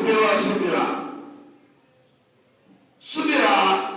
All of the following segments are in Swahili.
kupewa subira. Subira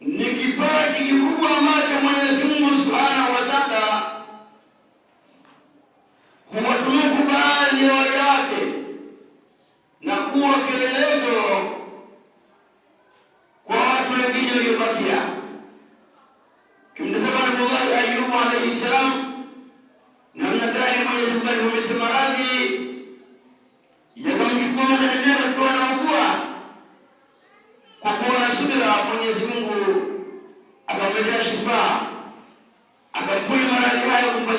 ni kipaji kikubwa ambacho Mwenyezi Mungu Subhanahu wa Ta'ala huwatunuku baadhi ya waja wake na kuwa kielelezo kwa watu wengine waliobakia. Kimtazama Nabii Ayubu alayhi salam Mwenyezi Mungu akamwendea shifaa akamkulimarajiayo